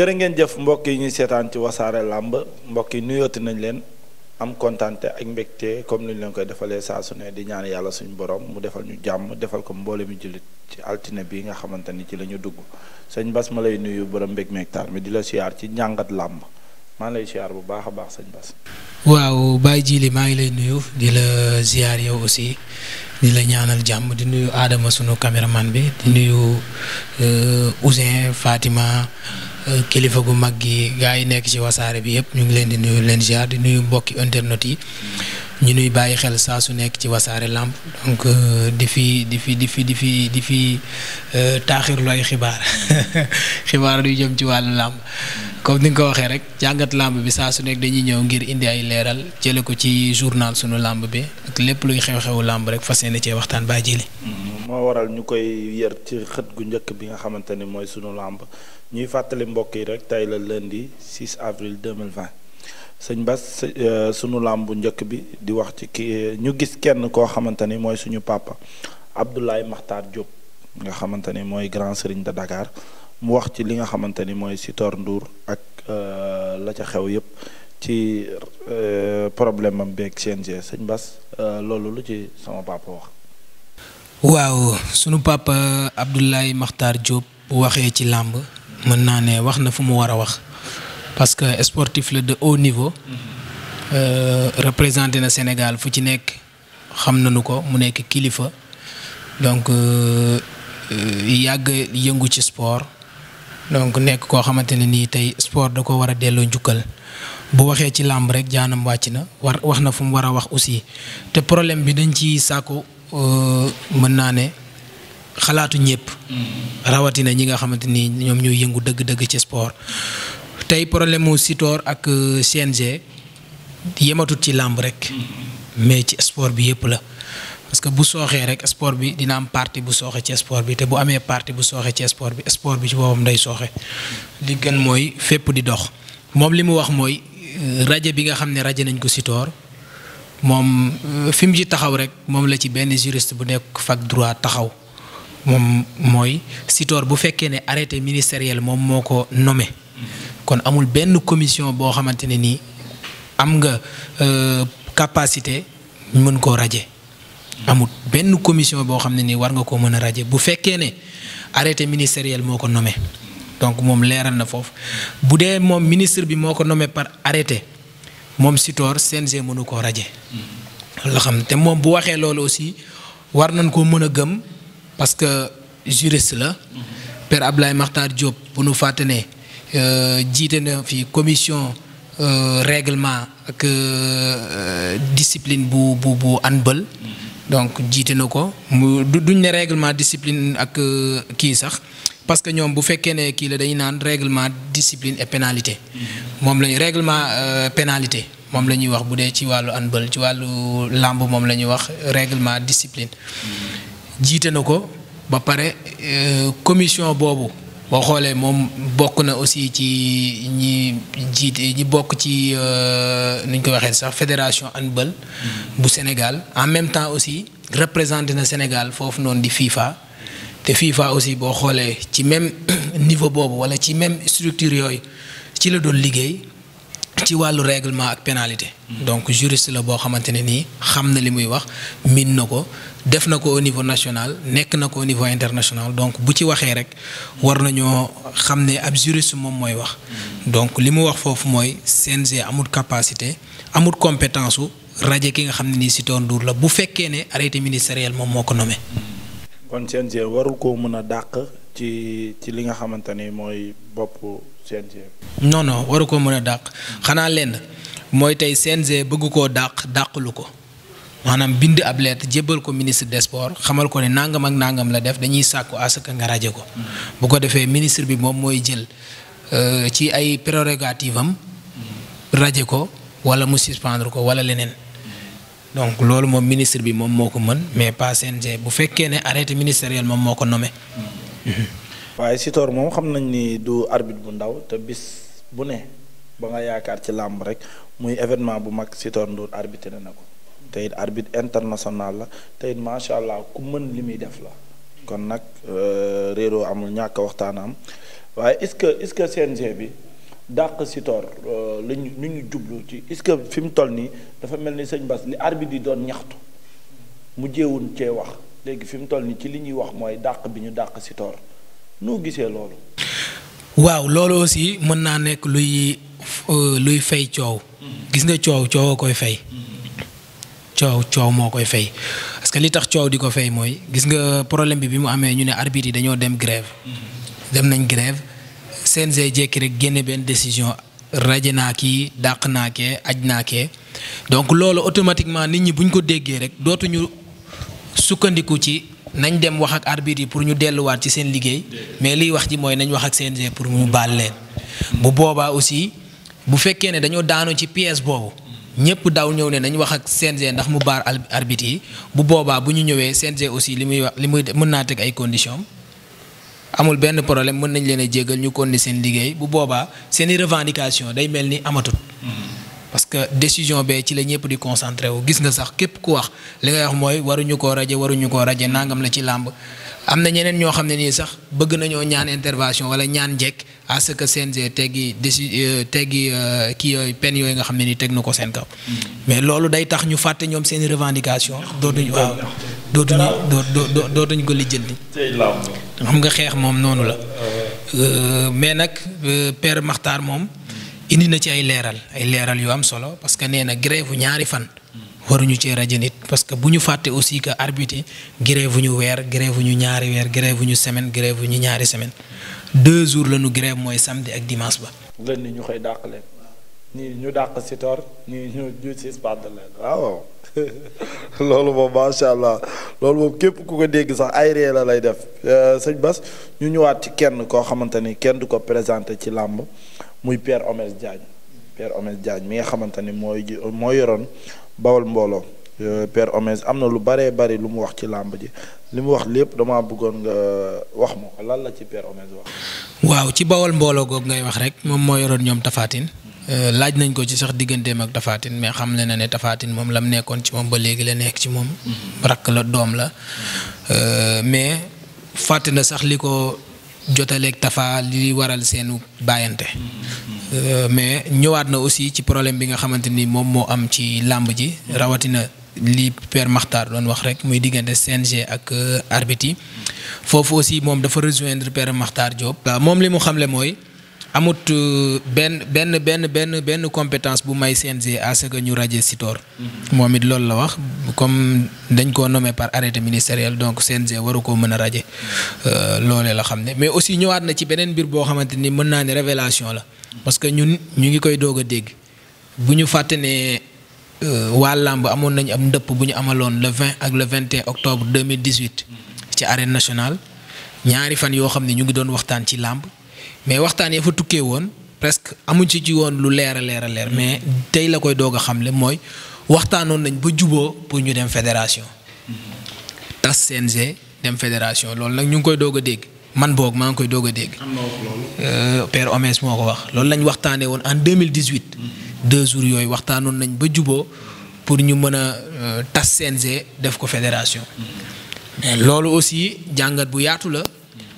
jërë ngeen jëf mbokk yi ñuy seetaan ci wasaare làmb mbokk yi nuyooti nañ leen am kontaante ak mbégte comme ni leen koy defalee saa su di ñaan yàlla suñu borom mu defal ñu jàmm defal ko mboole mi jullit ci altine bi nga xamante ni ci la ñu dugg sëñ Bas ma lay nuyu borom mbég meegtaar mi di la siyaar ci njàngat làmb maa lay siyaar bu baax a baax sëñ Bas. waaw Baye Jili maa ngi lay nuyu di la siyaar yow aussi di la ñaanal jàmm di nuyu aadama sunu caméraman bi di nuyu euh, Ousin Fatima. kilifa gu mag gi gaa nekk ci wasaare bi yëpp ñu ngi leen di nuyu leen ziar di nuyu mbokki internet yi ñu nuy bàyyi xel saa su nekk ci wasaare làmb donc euh, di fi di fi di fi di fi di fi euh, taaxirlu ay xibaar xibaar du jëm ci wàll làmb comme ni nga ko waxee rek jàngat làmb bi saa su nekk dañuy ñëw ngir indi ay leeral cële ko ci journal sunu làmb bi ak lépp luy xew-xewu làmb rek fas yéene cee waxtaan baa jëli moo waral ñu koy yër ci xët gu njëkk bi nga xamante ni mooy suñu làmb ñuy fàttali mbokk yi rek tey la lundi 6 avril 2020 sëñ Bas euh, suñu làmb bu njëkk bi di wax ci ki ñu gis kenn koo xamante ni mooy suñu papa Abdoulaye Makhtar Diop nga xamante ni mooy grand sëriñ de Dakar mu wax ci li nga xamante ni mooy Sitor nduur ak euh, la ca xew yépp ci euh, problème am beeg CNG sëñ Bas loolu lu ci sama papa wax. waaw sunu papa Abdoulaye Makhtar Diop bu waxee ci làmb mën naa ne wax na fu mu war a wax parce que sportif la de haut niveau mm-hmm. euh, représenté na Sénégal fu ci nekk xam nañu ko mu nekk kilifa donc euh, euh, yàgg yëngu ci sport donc nekk koo xamante ne nii tey sport da ko war a delloo njukkal bu waxee ci làmb rek jaanam wàcc na war wax na fu mu war a wax aussi te problème bi dañ ci sàkku Euh, mën naa ne xalaatu ñëpp. rawatina ñi nga xamante ni ñoom ñooy yëngu dëgg-dëgg ci sport. tey problème mu Sitor ak euh, CNG yematut ci làmb rek. mais ci sport bi yëpp la. parce que bu sooxee rek sport bi dina am parti bu sooxe ci sport bi te bu amee parti bu sooxee ci sport bi sport bi ci boppam day sooxe. li gën mooy fépp di dox. moom li mu wax mooy euh, rajo bi nga xam ne rajo nañ ko Sitor moom euh, fim mu ci taxaw rek moom la ci benn juriste bu nekk fac droit taxaw moom mooy Sitor bu fekkee ne arrêté ministériel moom moo ko nome kon amul benn commission boo xamante ne nii am nga euh, capacité mën koo raje amul benn commission boo xam ne nii war nga koo mën a raje bu fekkee ne arrêté ministériel moo ko nommé donc moom leeral na foofu bu dee moom ministre bi moo ko nome par arrêté moom Sitor CNG mënu ko raje la xam te moom bu waxee loolu aussi war nañ koo mën a gëm parce que juriste la. Père Ablaye Makhtar Diop bu nu fàtte ne euh, jiite na fi commission euh, réglement ak euh, discipline bu bu bu handball. donc jiite na ko mu duñ ne réglement discipline ak kii sax parce que ñoom bu fekkee ne kii la dañuy naan réglement discipline et pénalité moom lañu règlement euh, pénalité moom la ñuy wax bu dee ci wàllu handball ci wàllu làmb moom la ñuy wax règlement discipline jiite na ko ba pare euh, commission boobu boo xoolee moom bokk na aussi ci ñi jiite ñi bokk ci euh, nu ñu ko waxee sax fédération handball bu Sénégal en même temps aussi représenté na Sénégal foofu noonu di FIFA te FIFA aussi boo xoolee ci même niveau boobu wala ci même structure yooyu ci la doon liggéey ci wàllu réglement ak pénalité. Mm-hmm. donc juriste la boo xamante ne nii xam na li muy wax min na ko def na ko au niveau national nekk na ko au niveau international donc bu ci waxee rek war nañoo xam ne ab juriste moom mooy wax. Mm-hmm. donc li mu wax foofu mooy CNG amul capacité amut compétence su rajo ki nga xam ne nii Sitor Ndour la bu fekkee ne arrêté ministériel moom moo ko kon CNG warul koo mën a dàq ci ci li nga xamante ni mooy bopp CNG. non non waru koo mën a dàq xanaa lenn mooy tey CNG bëgg koo dàq dàqlu ko maanaam bind ab lettre jébbal ko ministre des sports xamal ko ne nàngam ak nangam la def dañuy sàkku asaka nga raje ko. bu ko defee ministre bi moom mooy jël euh, ci ay prérogative am raje ko wala mu suspendre ko wala leneen. donc loolu moom ministre bi moom moo ko mën mais pas CNG bu fekkee ne arrêté ministériel moom moo ko nommé. Hmm. waaye Sitor moom xam nañ ni du arbitre bu ndaw te bis bu ne ba nga yaakaar ci làmb rek muy événement bu mag Sitor Ndour arbitré na ko te it arbitre international la te it macha allah ku mën li muy def la. kon nag euh, réeroo amul ñàkk waxtaan am waaye est-ce que est-ce que CNG bi. dàq Sitor euh, la ñu lu ñu jublu ci est-ce que fi mu toll nii dafa mel ni sëñ Bass li arbitre di doon ñaxtu mu jéewuñ cee wax léegi fi mu toll nii ci li ñuy wax mooy dàq bi ñu dàq Sitor noo gisee loolu. waaw loolu aussi mën naa nekk luy euh, luy fay coow. gis nga coow coow koy fay. coow coow moo koy fay parce que li tax coow di ko fay mooy gis nga problème bi bi mu amee ñu ne arbit yi dañoo dem grève. dem nañ grève. CNG jékki rek génne benn décision raje naa kii dàq naa kee aj naa kee donc loolu automatiquement nit ñi bu ko déggee rek dootuñu sukkandiku ci nañ dem wax ak arbitre yi pour ñu delluwaat ci seen liggéey mais liy wax ji mooy nañ wax ak CNG pour mu baal leen. bu boobaa aussi bu fekkee ne dañoo daanu ci pièce boobu. ñëpp daw ñëw ne nañ wax ak CNG ndax mu baar arbitre yi bu boobaa bu ñu ñëwee CNG aussi li muy wax li muy mën naa teg ay conditions amul benn problème mën nañ leen a jéggal ñu continuer seen liggéey bu boobaa seen i revendication day mel ni amatut. parce que décision bee ci la ñëpp di concentré wu gis nga sax képp ku wax li ngay wax mooy waruñu ko raje waruñu ko raje nangam la ci làmb am na ñeneen ñoo xam ne nii sax bëgg nañoo ñaan intervention wala ñaan njekk à ce que CNG teggi déci euh, teggi euh, kii yooyu peine yooyu nga xam ne nii teg nu ko seen kaw. mais loolu day tax ñu fàtte ñoom seen i revendication dootuñu waaw dootuñu dootuñu ko lijjanti. xam nga xeex moom noonu la. Euh, mais nag per Makhtar moom indi na ci ay leeral ay leeral yu am solo parce que nee na grève ñaari fan. waruñu cee rajo nit parce que bu ñu fàtte aussi que arbitre yi grève ñu weer grève ñu ñaari weer grève ñu semaine grève ñu ñaari semaine deux jours la ñu grève mooy samedi ak dimanche ba. lënd ñu ñu dàq si nii ñu ñu si spade leen waaw loolu moom macha allah loolu moom képp ku ko dégg sax ay ree la lay def euh, sëñ Bas ñu ñëwaat ci kenn koo xamante ni kenn du ko présenté ci làmb muy Pierre Omès Diagne Pierre Omès Diagne mi nga xamante ni mooy moo yoroon. bawal mbooloo euh, Père Omez am na lu baree bari lu mu wax ci làmb ji li mu wax lépp dama bëggoon nga euh, wax ma ko lan la ci Père Omez waaw ci bawal mbooloo goog ngay wax rek moom moo yoroon ñoom Tafatine. Euh, laaj nañ ko ci sax digganteem ak Tafatine mais xam na ne Tafatine moom la mu nekkoon ci moom ba léegi la nekk ci moom. Mm-hmm. rakk la doom la. mais fàtte na sax li ko jotaleeg Tafa li waral seenu bàyyante euh, mais ñëwaat na aussi ci problème bi nga xamante ni moom moo am ci làmb ji rawatina li Père Makhtar doon wax rek muy diggante CNG ak euh, arbitre yi foofu aussi moom dafa rejoindre Père Makhtar Diop. moom li mu xamle mooy. amut euh, benn benn benn benn benn compétence bu may CNG à ce que ñu raje Sitor mhm. moom it loolu la wax comme dañ koo nome par arrêté ministériel donc CNG waru koo mën a raje euh, loole la xam ne mais aussi ñëwaat na ci beneen mbir boo xamante ni mën naa ne révélation la parce que ñun ñu ngi koy doog a dégg bu ñu fàtte ne euh, waa làmb amoon nañu am ndëpp bu ñu amaloon le vingt ak le 21 octobre 2018 mhm. ci arène nationale ñaari fan yoo xam ne ñu ngi doon waxtaan ci làmb mais waxtaan ya fa tukkee woon presque amuñ ci ci woon lu leer a leer a leer mm-hmm. mais tey la koy doog a xamle mooy waxtaanoon nañ ba juboo pour ñu dem fédération. Mm-hmm. tas CNG dem fédération loolu nag ñu ngi koy doog a dégg man boog maa ngi koy doog a dégg. Euh, per Omes moo ko wax loolu lañu waxtaanee woon en 2018. Mm-hmm. deux jours yooyu waxtaanoon nañ ba juboo pour ñu mën a euh, tas CNG def ko fédération. mais loolu aussi jàngat bu yaatu la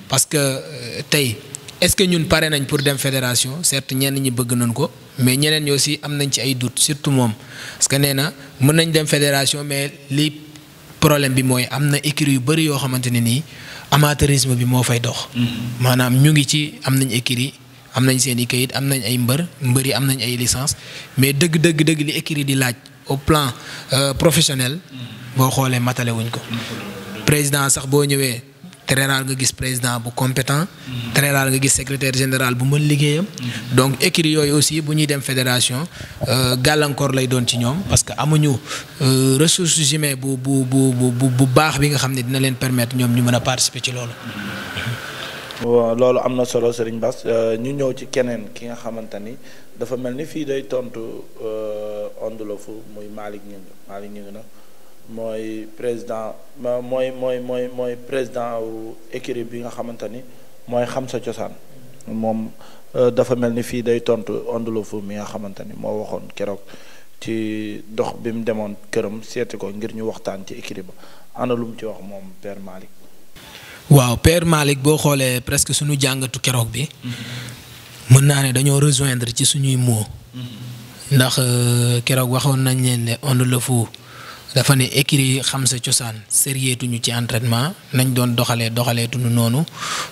parce que euh, tey. est-ce que ñun pare nañ pour dem fédération certes ñenn ñi bëgg nañ ko mais ñeneen ñi aussi am nañ ci ay doute surtout moom parce que nee na mën nañ dem fédération mais li problème bi mooy am na écurie yu bëri yoo xamante ne nii amateurisme bi moo fay dox. Mm-hmm. maanaam ñu ngi ci am nañ écurie am nañ seen i kayit am nañ ay mbër mbër yi am nañ ay licence mais dëgg dëgg dëgg li écurie di laaj au plan euh, professionnel. Mm-hmm. boo xoolee matale wuñ ko. président sax boo ñëwee. très nga gis président bu compétent. très nga gis secrétaire général bu mën liggéeyam. donc écurie yooyu aussi bu ñuy dem fédération euh, gàllankoor lay doon ci ñoom parce que amuñu euh, ressources humaines bu bu bu bu bu baax bi nga xam ne dina leen permettre ñoom ñu mën a participer ci loolu. waaw loolu am na solo Serigne Bass euh, ñu ñëw ci keneen ki nga xamante ni dafa mel ni fii day tontu ondulofu muy Malick Ngingue Malick Ngingue na mooy président mooy mooy mooy mooy président wu écurie bi nga xamante ni mooy xam sa cosaan moom euh, dafa mel ni fii day tontu Ondeloufou mi nga xamante ni moo waxoon keroog ci dox bi mu demoon këram seeti ko ngir ñu waxtaan ci écurie ba ana lu mu ci wax moom Père Malick. waaw Père Malick boo xoolee presque suñu jàngatu keroog bi. mën naa ne dañoo rejoindre ci suñuy mots. Mm-hmm. ndax euh, keroog waxoon nañ leen ne Ondeloufou dafa ne écrit xam sa cosaan sérieetuñu ci entraînement nañ doon doxalee doxaleetuñu noonu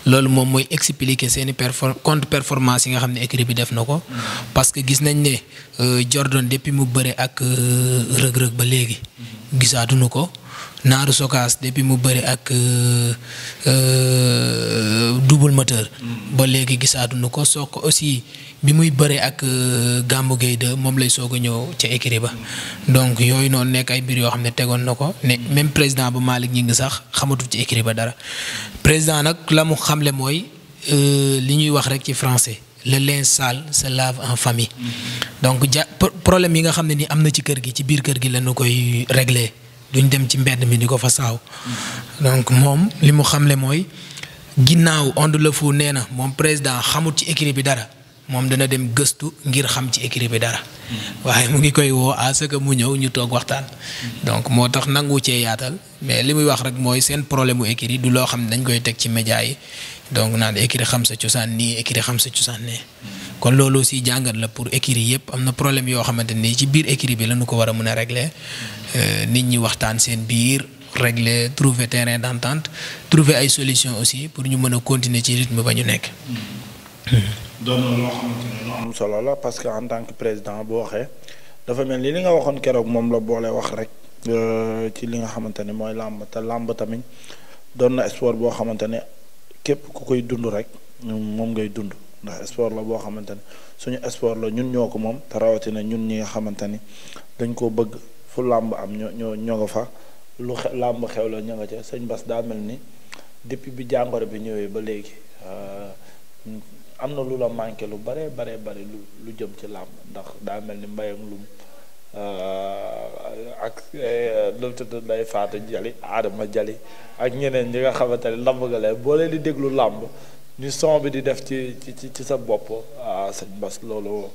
loolu moom mooy expliquer seeni perfor contre performance yi nga xam ne écrit bi def na ko parce que gis nañ ne euh, Jordan depuis mu bëre ak euh, rëg-rëg ba léegi gisaatuñu ko naaru sokaas depuis mu bëri ak euh, euh, double moteur. Mm. ba léegi nu ko soog aussi bi muy bëri ak gàmmu géey de moom lay soog a ñëw ca écurie ba. donc yooyu noonu nekk ay biir yoo xam ne tegoon na ko ne même président bu Malick ñi ngi sax xamatul ci écurie ba dara président nag la mu xamle mooy euh, li ñuy wax rek ci français. le linge sale se lave en famille. Mm-hmm. donc ja problème yi nga xam ne ni am na ci kër gi ci biir kër gi lañu koy réglé duñ dem ci mbedd mi di ko fa saaw donc moom li mu xamle mooy ginnaaw Onde Le nee na moom président xamut ci écrit bi dara moom dana dem gëstu ngir xam ci écrit bi dara waaye mu ngi koy woo à ce mu ñëw ñu toog waxtaan donc moo tax nangu cee yaatal mais li muy wax rek mooy seen problème mu écrit du loo xam ne dañ koy teg ci média yi donc naan écurie xam sa cosaan nii écurie xam sa cosaan ne kon loolu aussi jàngat la pour écurie yëpp am na problème yoo xamante ni ci biir écurie bi la ñu ko war a mën a régler euh, nit ñi waxtaan seen biir régle trouver terrain d'entente trouver ay solution aussi pour ñu mën a continuer ci rythme ba ñu nekk. doon solo la parce que en tant que président boo waxee dafa mel ni li nga waxoon keroog moom la boole wax rek euh, ci li nga xamante ne mooy làmb te làmb tamit doon na sport boo xamante ne. képp ku koy dund rek moom ngay dund ndax sport la boo xamante ne suñu sport la ñun ñoo ko moom te rawatina ñun ñi nga xamante ni dañ koo bëgg fu làmb am ñoo ñoo ñoo fa lu xe làmb xew la ña nga ca sëñ Bas daa mel ni depuis bi jàngoro bi ñëwee ba léegi euh, am na lu la manqué lu bare bare bare lu lu jëm ci làmb ndax daa mel ni mbay ak lum Euh, ak euh, lum tudd nday faatu jali aadama jali ak ñeneen ñi nga xamante ne lamb nga leen boo leen di déglu làmb ñu son bi di def ci ci ci sa bopp ah sëñ Bass loolu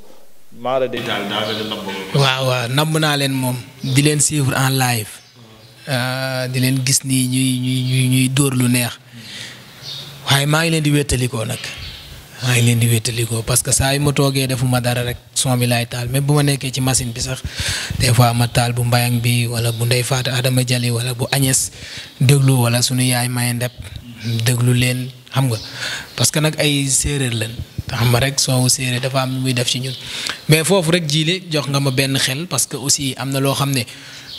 maa la déggal daa mel ni lamb nga naa leen moom di leen suivre en live euh, di leen gis nii ñuy ñuy dóor lu neex waaye maa ngi leen di wéttalikoo nag maa ngi leen di wéttalikoo parce que saa yu ma toogee defuma dara rek son bi laay taal même bu ma nekkee ci machine bi sax des fois ma taal bu mbayang bi wala bu ndey faatu Adama Jali walla bu Agnès déglu wala suñu yaay maye ndep déglu leen xam nga parce que nag ay séeréer lañ xam nga rek soowu séeréer dafa am muy def ci ñun mais foofu rek jiile jox nga ma benn xel parce que aussi am na loo xam ne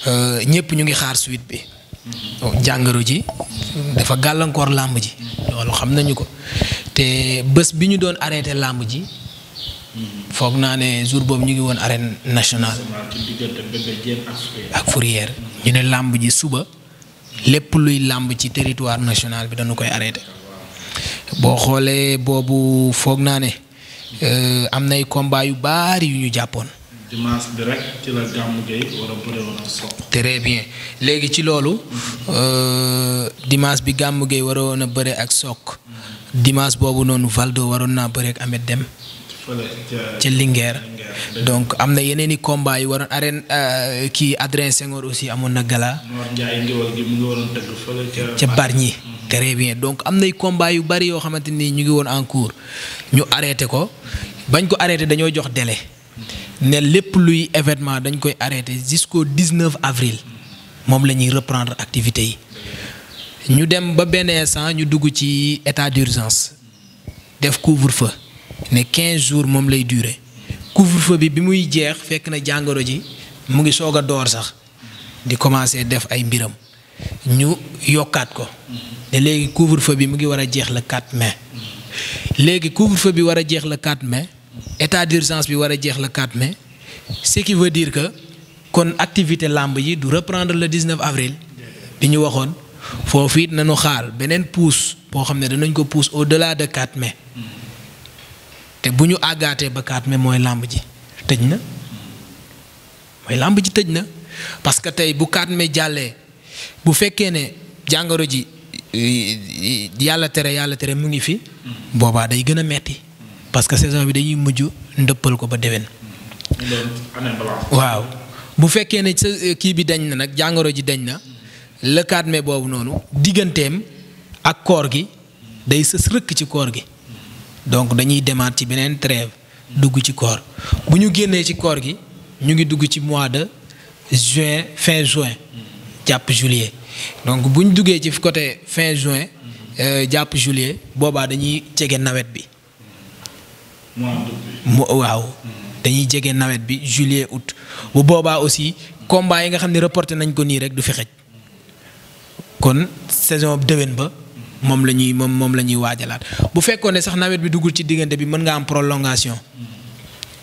euh, ñëpp ñu ngi xaar suite bi mm-hmm. jàngoro ji dafa gàllankoor làmb ji xam nañu ko te bés bi ñu doon arrêté làmb ji. foog naa ne jour boobu ñu ngi woon arène nationale. ak Fourrière. ñu ne làmb ji suba lépp luy làmb ci territoire national bi dañu koy arrêté. boo xoolee boobu foog naa ne euh, am nay combat yu baari yu ñu jàppoon. dimanche bi bien léegi ci loolu. Euh, dimanche bi Gamou Gueye waroon a bëre ak Sokh. dimanche boobu noonu Valdo waroon naa bëre ak Ahmed Deme. ci Linguère donc am na yeneen i combat yi waroon arène euh, kii Adrien Senghor aussi amoon na gala. ca Bargny mhm. très bien donc am nay combat yu bari yoo xamante nii ñu ngi woon en ñu arrêté ko bañ ko arrêté dañoo jox délai. ne lépp luy événement dañ koy arrêté jusqu'au 19 avril moom la ñuy reprendre activité yi ñu dem ba benn instant ñu dugg ci état d'urgence def couvre-feu ne 15 jours moom lay durer couvre-feu bi bi muy jeex fekk na jàngoro ji mu ngi soog a door sax di commencer def ay mbiram ñu yokkaat ko ne léegi couvre-feu bi mu ngi war a jeex le 4 mais léegi couvre-feu bi war a jeex le 4 mais état d'urgence bi war a jeex la 4 mais ce qui veut dire que kon activité làmb yi du reprendre le 19 avril bi ñu waxoon foofu it nañu xaar beneen pousse boo xam ne danañ ko pousse au delà de 4 mai te bu ñu àggaatee ba 4 mais mooy làmb ji tëj na mooy làmb ji tëj na parce que tey bu 4 mais jàllee bu fekkee ne jàngoro ji euh, yàlla tere yàlla tere mu ngi fi boobaa day gën a metti parce que saison bi dañuy mujj ndëppal ko ba déwén. waaw bu fekkee ne sa eh, kii bi dañ na nag jàngoro ji dañ na le 4 mai boobu noonu digganteem ak koor gi day sës rëkk ci koor gi donc dañuy demaat ci beneen trêve dugg ci koor bu ñu génnee ci koor gi ñu ngi dugg ci mois de juin fin juin jàpp juillet donc buñ ñu duggee ci côté fin juin euh, jàpp juillet boobaa dañuy jege nawet bi. mu waaw dañuy jege nawet bi juillet août bu boobaa aussi combat yi nga xam ne reporté nañ ko nii rek du fi xej kon saison déwén ba moom la ñuy moom moom la ñuy waajalaat bu fekkoon ne sax nawet bi duggul ci diggante bi mën nga am prolongation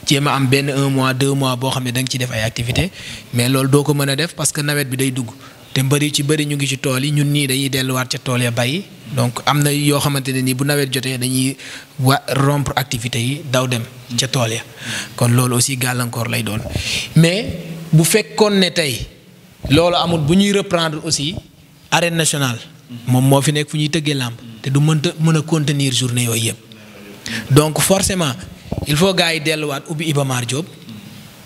jéem a am benn un mois deux mois boo xam ne da ci def ay activité mais loolu doo ko mën a def parce que nawet bi day dugg te mbëri ci bëri ñu ngi ci tool yi ñun nii dañuy delluwaat ca tool ya bay donc am na yoo xamante ne nii bu nawet jotee dañuy wa rompre activité yi daw dem ca tool ya kon loolu aussi gàllankoor lay doon mais bu fekkoon ne tey loolu amul bu ñuy reprendre aussi arène nationale moom moo fi nekk fu ñuy tëggee làmb te du mënta mën a contenir journée yooyu yëpp donc forcément il faut gars yi delluwaat ubbi Iba Mar Diop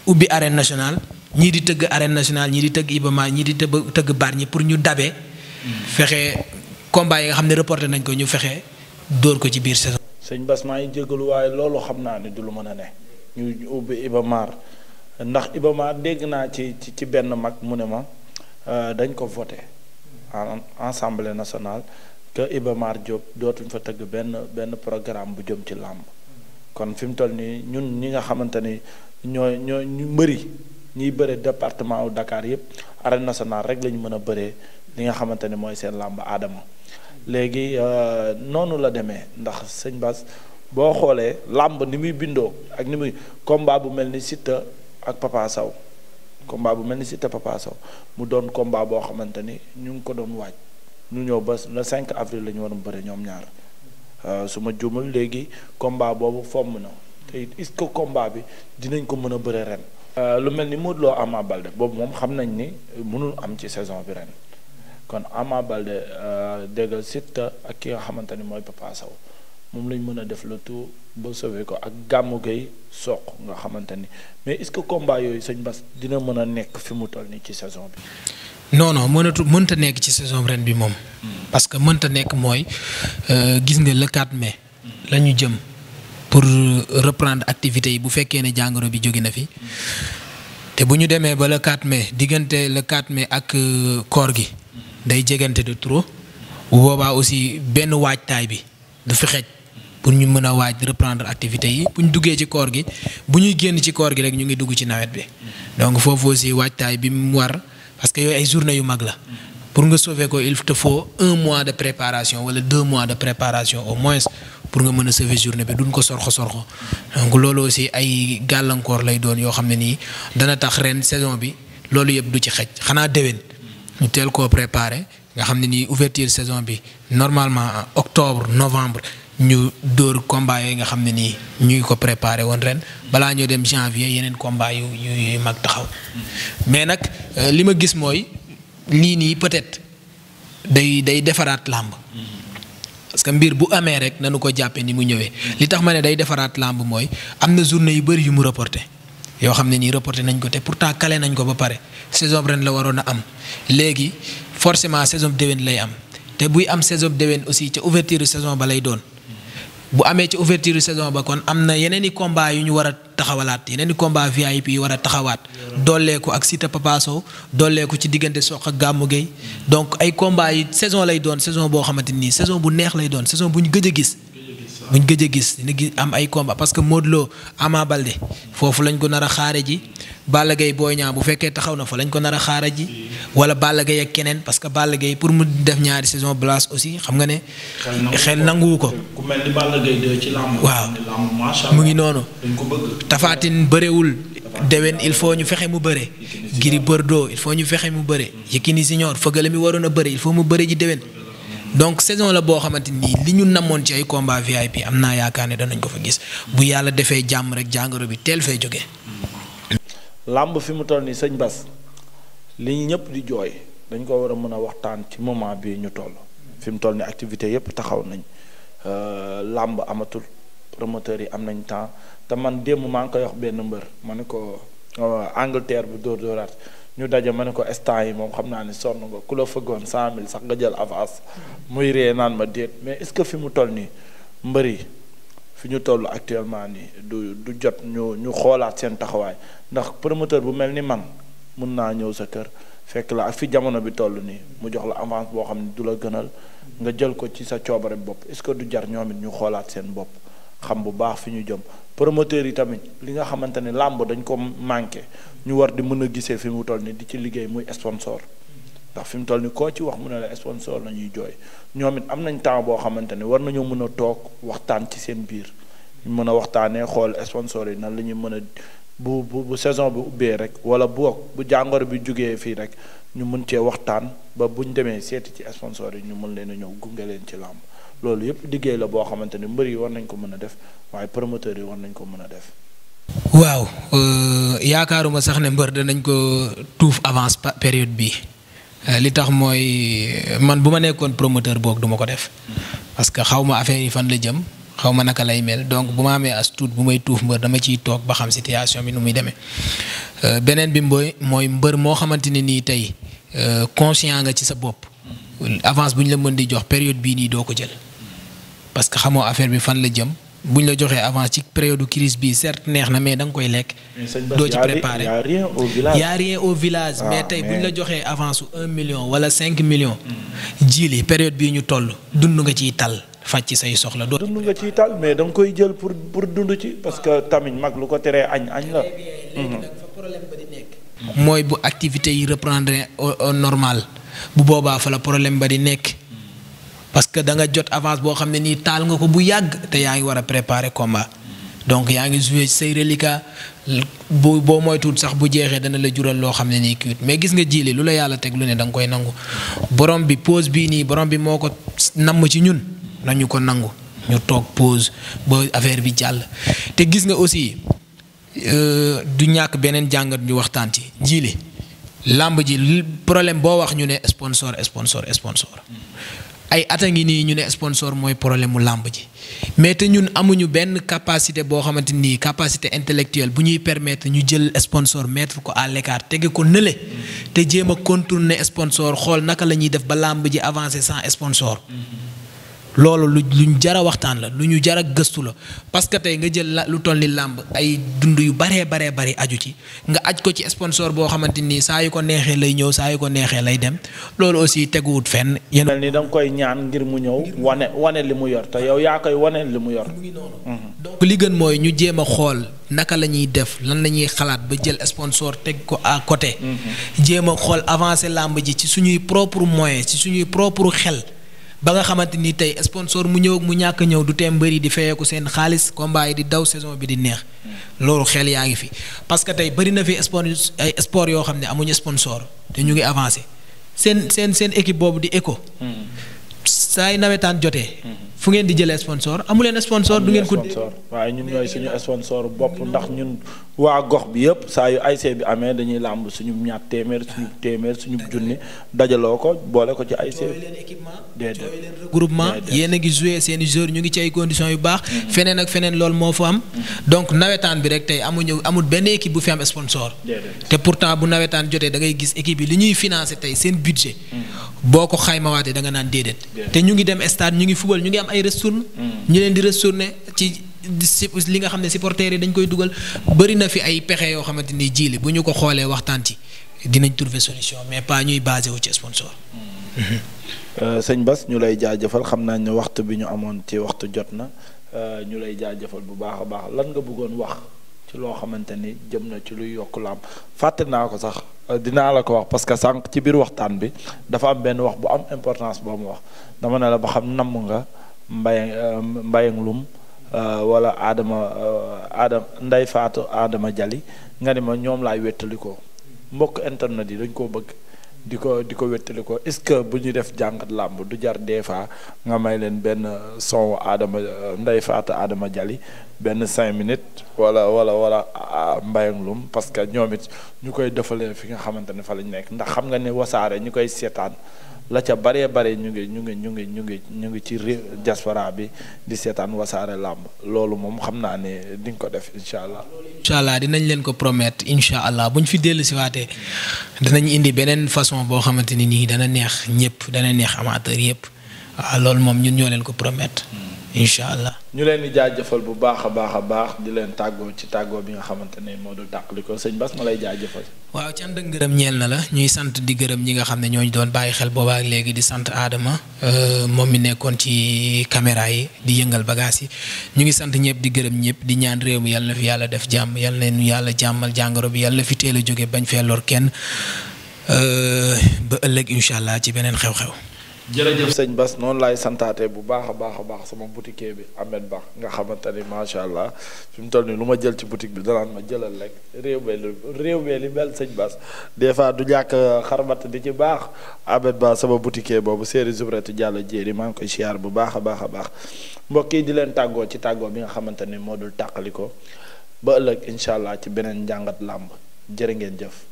ubbi arène nationale ñii di tëgg arène nationale ñii di tëgg Ibama ñii di tëgg tëgg ñi pour ñu dabe. fexe combat yi nga xam ne reporté nañ ko ñu fexe dóor ko ci biir saison. sëñ bas maa ngi jégalu waaye loolu xam naa ne du lu mën a ne ñu ubbi Ibamaar ndax Ibamaar dégg naa ci ci benn mag mu ne ma euh, dañ ko voté en assemblée nationale que Ibamaar Diop dootuñ fa tëgg benn benn programme bu jëm ci làmb kon fi mu toll nii ñun ñi nga xamante ni ñooy ñooy ñu mbëri. ñiy bëre département wu dakaar yëpp arène nationale rek la ñu mën a bëree li nga xamante ne mooy seen làmb aadama léegi euh, noonu la demee ndax sëñ Bass boo xoolee làmb ni muy bindoo ak ni muy combat bu mel ni Siteu ak Papa Sow combat bu mel ni Siteu Papa Sow mu doon combat boo xamante ni ñu ngi ko doon waaj ñu ñëw ba le 5 avril la ñu war a bëre ñoom ñaar euh, su ma juumul léegi combat boobu fomm na te est-ce bi dinañ ko mën a bëre ren. Euh, lu mel ni Modou Lo Ama Balde boobu moom xam nañ ni mënul am ci saison bi ren kon Ama Balde euh, déggal Siteu ak ki nga xamante ni mooy Papa Sow moom lañ mën a def le tout ba sauver ko ak gàmmu gay soq nga xamante ni mais est-ce que combat yooyu sëñ Bass dina mën a nekk fi mu toll nii ci saison bi. non mënatul mënatu mënta nekk ci saison ren bi moom. Hmm. parce que mënta nekk mooy euh, gis nga le 4 mai. Hmm. la ñu jëm. pour reprendre activité yi bu fekkee ne jàngoro bi jóge na fi te bu ñu demee ba le 4 mai diggante le 4 mai ak euh, koor gi day jegante de trop bu boobaa aussi benn waajtaay bi du fi xej pour ñu mën a waaj reprendre activité yi bu ñu duggee ci koor gi bu ñuy génn ci koor gi rek ñu ngi dugg ci nawet bi donc foofu aussi waajtaay bi mu war parce que yooyu ay journée yu mag la pour nga sauver ko il te faut un mois de préparation wala deux mois de préparation au moins pour nga mën a sauver journée bi duñ ko sorxo sorxo donc loolu aussi ay gàllankoor lay doon yoo xam ne nii dana tax ren saison bi loolu yëpp du ci xej xanaa déwén ñu teel ko préparé nga xam ne nii ouverture saison bi normalement octobre novembre ñu dóor combat yooyu nga xam ne nii ñu ko préparé woon ren balaa ñoo dem janvier yeneen combat yu yu mag taxaw mais nag euh, li ma gis mooy lii nii peut-être day day defaraat làmb parce que mbir bu amee rek nanu ko jàppee ni mu ñëwee li tax ma ne day defaraat làmb mooy am na journée yu bëri yu mu reporté yoo xam ne nii reporté nañ ko te pourtant calé nañ ko ba pare saison ren la waroon a am léegi forcement saison déwén lay am te buy am saison déwén aussi ca ouverture saison ba lay doon. bu amee ci ouverture saison ba kon am na yeneen i combat yu ñu war a taxawalaat yeneen i combat VIP yu war a taxawaat dooleeku ak Siteu Papa Sow dooleeku ci diggante Sokh ak Gamou Gueye donc ay combat yi saison lay doon saison boo xamante nii saison bu neex lay doon saison bu ñu gëj a gis buñ gëj a gis dina gis am ay combat parce que Modou Lo foofu lañ ko nar a xaare ji Balla gay Boy Niang bu fekkee taxaw na fa lañ ko nar a xaare ji wala Balla Gaye ak keneen parce que Balla pour mu def ñaari saison blanche aussi xam nga ne. xel nanguwu ko ku waaw mu ngi noonu. dañ ko bëgg Tafatin il faut ñu fexe mu bëre. Gris Bordeaux il faut ñu fexe mu bëre. Yékini Senior fëgale mi waroon a bëre il faut mu bëre ji déwén. donc saison la boo xamante ni li ñu namoon ci ay combat VIP am naa yaakaar ne danañ ko fa gis bu yàlla defee jàmm rek jàngaro bi teel fee jógee. làmb fi mu toll nii sëñ Bas li ñëpp di jooy dañ ko war a mën a waxtaan ci moment bii ñu toll fi mu toll nii activité yëpp taxaw nañ euh, làmb amatul promoteurs yi am nañ temps te man démb maa ngi koy wax benn mbër ma ne ko euh, Angleterre bu dóor dóoraat. ñu daje ma ne ko instant yi moom xam naa ne sonn nga ku la fëggoon cent mille sax nga jël avance muy ree naan ma déet mais est-ce que fi mu toll nii mbëri fi ñu toll actuellement nii du du jot ñu ñu xoolaat seen taxawaay ndax promoteur bu mel ni man mun naa ñëw sa kër fekk la ak fi jamono bi toll nii mu jox la avance boo xam ne du la gënal nga jël ko ci sa coobare bopp est-ce que du jar ñoom it ñu xoolaat seen bopp xam bu baax fi ñu jëm promoteurs yi tamit li nga xamante ne làmb dañ ko manqué ñu war di mën a gisee fi mu toll nii di ci liggéey muy sponsor ndax fi mu toll nii koo ci wax mu ne la sponsor la ñuy jooy ñoom it am nañ temps boo xamante ne war nañoo mën a toog waxtaan ci seen biir mën a waxtaanee xool sponsor yi nan la ñuy mën a bu bu bu saison bi ubbee rek wala bu bu jàngoro bi jógee fii rek ñu mën cee waxtaan ba buñ demee seeti ci sponsor yi ñu mën leen a ñëw gunge leen ci làmb loolu yëpp liggéey la boo xamante ni mbër yi war nañ ko mën a def waaye promoteurs yi war nañ ko mën a def. waaw euh, yaakaaruma sax ne mbër danañ ko tuuf avance période bi euh, li tax mooy euh, man bu ma nekkoon promoteur boog du ko def parce que xaw ma affaire yi fan la jëm xaw ma naka lay mel donc bu ma amee as tuut bu may tuuf mbër dama ciy toog ba xam situation bi nu muy demee beneen bi mooy mooy mbër moo xamante ne nii tey conscient nga ci sa bopp bu ñu la mën di jox période bii nii doo ko jël. parce que xamoo affaire bi fan la jëm buñ la joxee avance ci période crise bi certes neex na mais da koy lekk. doo ci préparé y' a rien au village. au village mais ah, tey buñ la joxee avance su un million wala cinq million. li période bii ñu toll dund nga ciy tal. faj say soxla doo dund nga ciy tal mais danga koy jël pour pour dund ci parce que tamit mag lu ko teree añ añ la. Eh mhm. mooy bu activité yi reprendre au normal bu boobaa fa la problème ba di nekk. parce que da nga jot avance boo xam ne nii taal nga ko bu yàgg te yaa ngi war a préparer combat donc yaa ngi joué say reliquat boo boo moytuwul sax bu jeexee dana la jural loo xam ne nii kiiwut mais gis nga jili lu la yàlla teg lu ne danga koy nangu borom bi pause bii nii borom bi moo ko namm ci ñun lañu ko nangu ñu toog pause boo affaire bi jàll te gis nga aussi euh, du ñàkk beneen jàngat ñu waxtaan ci jili làmb ji problème boo wax ñu ne sponsor sponsor sponsor ay at a ngi nii ñu ne sponsor mooy problème mu làmb ji mais te ñun amuñu benn capacité boo xamante nii capacité intellectuelle bu ñuy permettre ñu jël sponsor mettre ko à l'écart tege ko nële te jéem a contourner sponsor xool naka la ñuy def ba làmb ji avancer sans sponsor. Mm loolu lu luñ jar a waxtaan la lu ñu jar a gëstu la parce que tey nga jël lu toll ni làmb ay dund yu baree baree bari aju ci nga aj ko ci sponsor boo xamante ni saa yu ko neexee lay ñëw saa yu ko neexee lay dem loolu aussi teguwut fenn. yéen ni da koy ñaan ngir mu ñëw wane wane li mu yor te yow yaa koy wane li mu yor. Mhm. donc li gën mooy ñu jéem a xool naka la ñuy def lan la ñuy xalaat ba jël sponsor teg ko à côté. Mhm. jéem a xool avancé làmb ji ci suñuy propre moyen ci suñuy propre xel. ba nga xamante ni tey sponsor mu ñëw mu ñàkk ñëw du teem mbëri di feyeeku seen xaalis combat yi di daw saison bi di neex mm. loolu xel yaa ngi fi parce que tey bëri na fi sport ay sport yoo xam ne amuñu sponsor te ñu ngi avancé seen seen seen équipe boobu di ECCO mm. saay nawetaan jotee. fu ngeen di jëlee sponsor amu leen sponsor. du ngeen ko waaye ñun ñooy suñu sponsor bopp ndax ñun waa gox bi yëpp saa yu ASC bi amee dañuy làmb suñu ñaar téeméer téeméer suñu junni dajaloo ko boole ko ci ASC. déedéet regroupement yéen a ngi joué seen i ñu ngi ci ay conditions yu baax. feneen ak feneen loolu moo fa am. donc nawetaan bi rek tey amuñu amul benn équipe bu fi am sponsor. te pourtant bu nawetaan jotee da ngay gis équipe yi li ñuy financé tey seen budget. Mm. boo ko xaymawaatee da nga naan déedéet. te ñu ngi dem stade ñu ngi fubal ñu ngi am ay restourne mm. ñu leen di restourné ci li nga xam ne supporters yi dañ koy dugal bëri na fi ay pexe yoo xamante ni jiile bu ñu ko xoolee waxtaan ci dinañ trouver solution mais pas ñuy basé wu ci sponsor. Mm. Euh, sëñ Bas ñu lay jaajëfal xam naa ne waxtu bi ñu amoon ci waxtu jot na euh, ñu lay jaajëfal bu baax a baax lan nga bëggoon wax. ci loo xamante ni jëm na ci luy yokk làmb fàtte naa ko sax euh, dinaa la ko wax parce que sànq ci biir waxtaan bi dafa am benn wax bu am importance boo mu wax dama ne la ba xam namm nga mbay euh, mbayang lum euh, wala aadama aadama nday faatu aadama jali nga ni ma ñoom laay wettalikoo mbokk internet yi dañ koo bëgg di ko di ko wéttali ko est-ce que bu ñuy def jàngat làmb du jar des fois nga may leen benn son Adama euh, Ndeye Fatou Adama Jali benn cinq minutes wala wala wala ah, mbayang lum parce que ñoom it ñu koy defalee fi nga xamante ne fa lañ nekk ndax xam nga ne wasaare ñu koy seetaan la ca baree bare ñu ngi ñu ngi ñu ngi ñu ngi ñu ngi ci diaspora bi di seetaan wasaare làmb loolu moom xam naa ne di ko def incha allah. incha allah dinañ leen ko promettre incha allah bu ñu fi dellu si waatee danañ indi beneen façon boo xamante ni nii dana neex ñëpp dana neex amateur yëpp waaw loolu moom ñun ñoo leen ko promettre. incha allah. ñu leen di jaajëfal bu baax a baax a baax di leen tàggoo ci tàggoo bi nga xamante ne moo dul tàqali ko sëñ Bass ma lay jaay jaajëfal. waaw cant ak ngërëm ñeel na la ñuy sant di gërëm ñi nga xam ne ñooñu doon bàyyi xel boobaak léegi di sant aadama euh, moom mi nekkoon ci caméra yi di yëngal bagage yi ñu ngi sant ñëpp di gërëm ñëpp di ñaan réew mi yàlla fi yàlla def jàmm yàlla na nu yàlla jàmmal jàngoro bi yàlla fi teel a jóge bañ fee lor kenn euh, ba ëllëg incha allah ci beneen xew-xew jërëjëf sëñ Bas noonu laay santaate bu baax a baax a baax sama boutiquier bi Ahmed Ba nga xamante ni macha allah fi mu toll nii lu ma jël ci boutique bi danaan ma jëlal rek réew mi réew li mel sëñ Bas des fois du ñàkk euh, xarbat di ci baax Ahmed Ba sama boutiquier boobu séeri Zubretu Diallo jéeri maa ngi koy siyaar bu baax a baax a baax mbokk yi di leen tàggoo ci tàggoo bi nga xamante ni moo dul tàqali ko ba ëllëg incha allah ci beneen njàngat làmb jërë ngeen jëf.